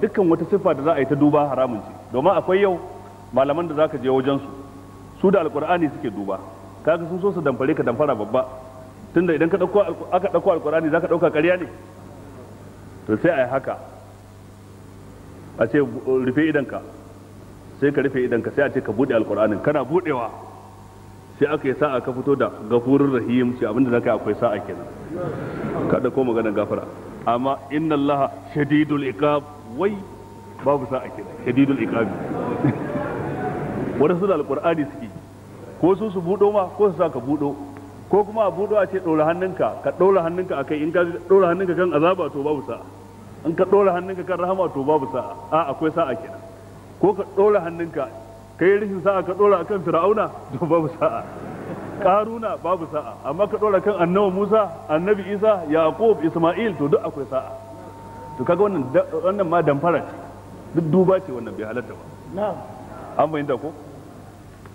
dukkan wata siffa da za a yi ta duba haramun ce domin akwai yau malaman da za ka je wajen su su da alkur'ani suke duba kaga sun so su damfare ka damfara babba tunda idan ka dauko aka dauko za ka dauka ƙarya ne to sai a yi haka a ce rufe idanka sai ka rufe idanka sai a ce ka bude alkur'anin kana budewa sai aka yi sa'a ka fito da gafurur rahim sai abinda zaka yi akwai sa'a kenan ka dauko maganar gafara amma inna allaha shadidul iqab wai babu sa'a ke shadidul iqabi wadansu da alqur'ani suke ko su su budo ma ko su sa ka budo ko kuma a budo a ce dora hannunka ka dora hannunka akai in ka dora hannunka kan azaba to babu sa'a in ka dora hannunka kan rahama to babu sa'a a akwai sa'a kenan ko ka dora hannunka kai rishin sa'a ka dora akan fir'auna to babu sa'a karuna babu sa'a amma ka dora kan annabi Musa annabi Isa Yaqub Isma'il to duk akwai sa'a to kaga wannan wannan ma damfara ce duk duba ce wannan bai halatta ba na'am an bayyana ko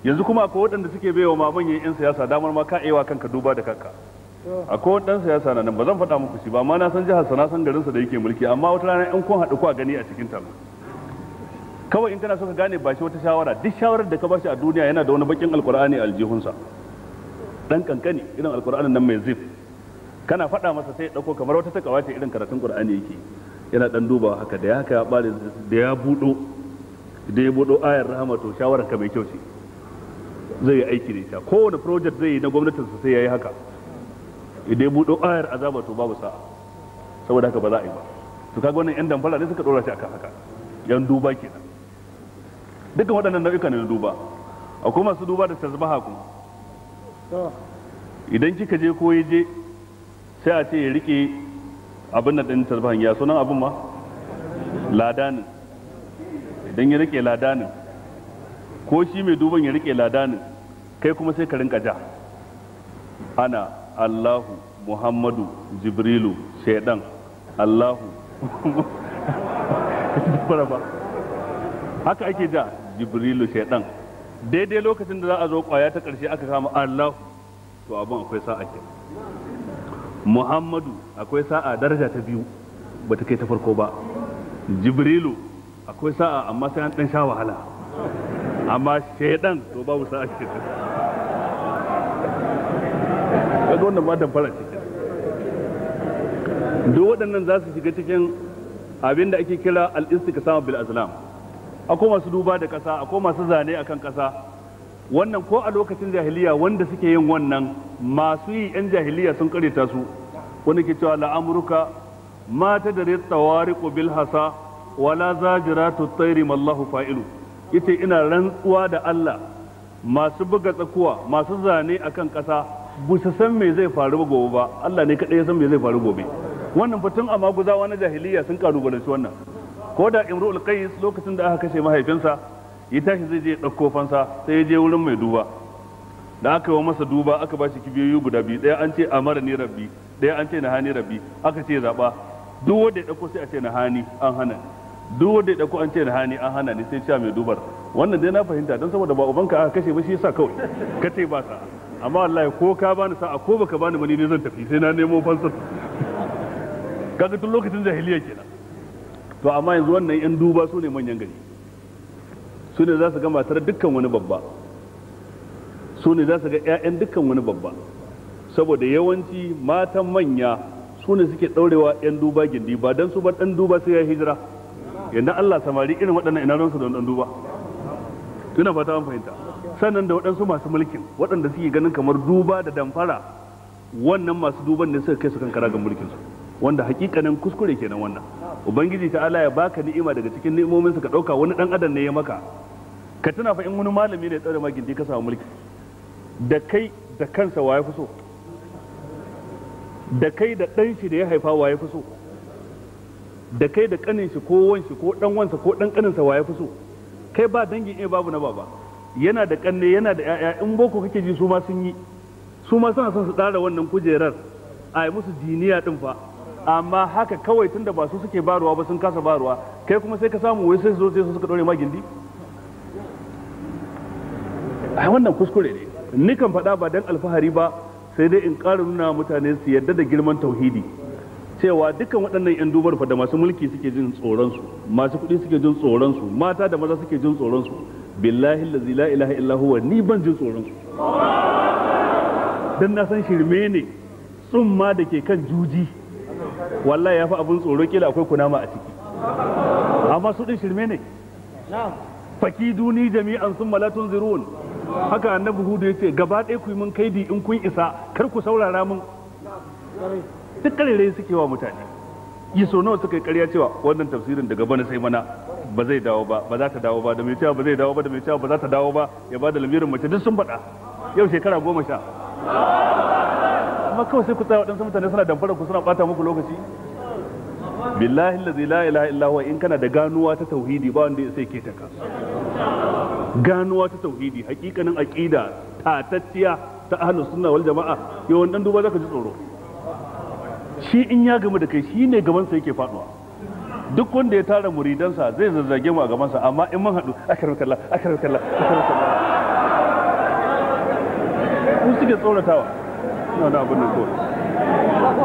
yanzu kuma akwai waɗanda suke baiwa maman yayin yan siyasa damar ma ka ewa kanka duba da kanka akwai wani ɗan siyasa na nan ba zan faɗa muku shi ba amma na san jihar sa na san garin sa da yake mulki amma wata rana in kun haɗu ku a gani a cikin taro kawai in kana so ka gane ba shi wata shawara duk shawarar da ka bashi a duniya yana da wani bakin alkur'ani a aljihunsa dan kankani irin alkur'anin nan mai zif kana faɗa masa sai ya ɗauko kamar wata takawa ce irin karatun qur'ani yake yana dan dubawa haka da ya haka ya bare da ya budo da ya budo ayar rahama to shawaran ka mai kyau ce zai yi aiki da ita kowane project zai yi na gwamnatin sa sai yayi haka idan ya budo ayar azaba to babu sa'a saboda haka ba za a yi ba to kaga wannan yan damfara ne suka dora shi akan haka yan duba kenan dukkan waɗannan nau'ika ne na duba akwai masu duba da tasbaha kuma idan kika je ko ya je sai a ce ya rike abin da ɗin tarbahan ya sunan abin ma ladanin idan ya rike ladanin ko shi mai duban ya rike ladanin kai kuma sai ka rinka ja ana allahu muhammadu jibrilu shaidan allahu haka ake ja jibrilu shaidan daidai lokacin da za a zo kwaya ta ƙarshe aka kama allahu to abin akwai sa'a kenan muhammadu akwai sa'a daraja ta biyu ba ta kai ta farko ba jibrilu akwai sa'a amma sai an dan sha wahala amma shaidan to babu sa'a ke kaga wannan ma fara ce duk waɗannan za su shiga cikin abin da ake kira al-istiqsam bil azlam akwai masu duba da ƙasa akwai masu zane akan ƙasa wannan ko a lokacin jahiliya wanda suke yin wannan masu yi yan jahiliya sun kareta tasu wani ke cewa la'amurka ma ta dare tsawariqu bil hasa wala zajiratu tayri mallahu fa'ilu ita ina rantsuwa da Allah masu buga tsakuwa masu zane a kan ƙasa. su san me zai faru gobe ba Allah ne kaɗai ya san me zai faru gobe wannan fatun a maguzawa na jahiliya sun kalubalanci wannan ko da imru'ul qais lokacin da aka kashe mahaifinsa ya tashi zai je ɗauko fansa sai ya je wurin mai duba da aka yi masa duba aka ba shi kibiyoyi guda biyu ɗaya an ce amara ni rabbi ɗaya an ce na hani rabbi aka ce zaɓa duk wanda ya ɗauko sai a ce na hani an hana duk wanda ya ɗauko an ce na hani an hana ni sai sha mai dubar wannan dai na fahimta don saboda ba ubanka aka kashe ba shi yasa kawai ka ce ba sa amma wallahi ko ka bani sa'a ko baka bani ni ne zan tafi sai na nemo fansar kaga tun lokacin jahiliya kenan to amma yanzu wannan yan duba su ne manyan gari su ne za su ga matar dukkan wani babba su ne za su ga 'ya'yan dukkan wani babba saboda yawanci matan manya su ne suke ɗaurewa 'yan duba gindi ba don su ba ɗan duba sai ya hijira yadda Allah samari irin waɗannan ina su don ɗan duba tuna fata an fahimta sannan da waɗansu masu mulkin waɗanda suke ganin kamar duba da damfara wannan masu duban ne suka kai su kankara ga mulkin su wanda hakikanin kuskure kenan wannan ubangiji ta ya baka ni'ima daga cikin ni'imomin ka ɗauka wani ɗan adam ne ya maka ka tuna fa in wani malami ne tsare magindi ka samu mulki da kai da kansa waye fi so da kai da ɗan shi da ya haifa waye fi so da kai da ƙanin shi ko wanshi ko ɗan wansa ko ɗan ƙaninsa waye fi so kai ba dangin iya babu na baba yana da ƙanne yana da ƴaƴa in boko kake ji su ma sun yi su ma suna son su tsara wannan kujerar a yi musu jiniya din fa amma haka kawai tunda ba su suke baruwa ba sun kasa baruwa kai kuma sai ka samu wai sai su zo sai su suka ɗore magindi gindi a wannan kuskure ne Ni kan faɗa ba dan alfahari ba sai dai in ƙara nuna mutane su yarda da girman tauhidi cewa dukkan waɗannan 'yan dubar fa da masu mulki suke jin tsoronsu masu kuɗi suke jin tsoronsu mata da maza suke jin tsoronsu billahi allazi la ilaha illa huwa ni ban jin tsoronsu dan na san shirme ne tsumma da ke kan juji wallahi ya fi abin tsoro kila akwai kunama a ciki amma su ɗin shirme ne faki duni jami'an sun malatun zirun haka annabi hudu ya ce gaba ɗaya ku yi mun kaidi in kun isa kar ku saurara mun duk ƙarere suke wa mutane yi so nawa suka yi karya cewa wannan tafsirin daga bana sai mana ba zai dawo ba ba za ta dawo ba da mai cewa ba zai dawo ba da mai cewa ba za ta dawo ba ya ba da lamirin mace duk sun faɗa yau shekara goma sha amma kawai sai ku tsaya waɗansu mutane suna damfara ku suna ɓata muku lokaci billahi la ilaha illa huwa in kana da ganuwa ta tauhidi ba wanda sai ke taka ganuwa ta tauhidi hakikanin aqida tatacciya ta ahlus sunna wal jama'a yo wannan duba zaka ji tsoro shi in ya gamu da kai shine gaban sa yake faduwa duk wanda ya tara muridansa zai zazzage mu a gaban sa amma in mun hadu akarin kallah akarin kallah akarin kallah kun suke tsoratawa na da abin nan ko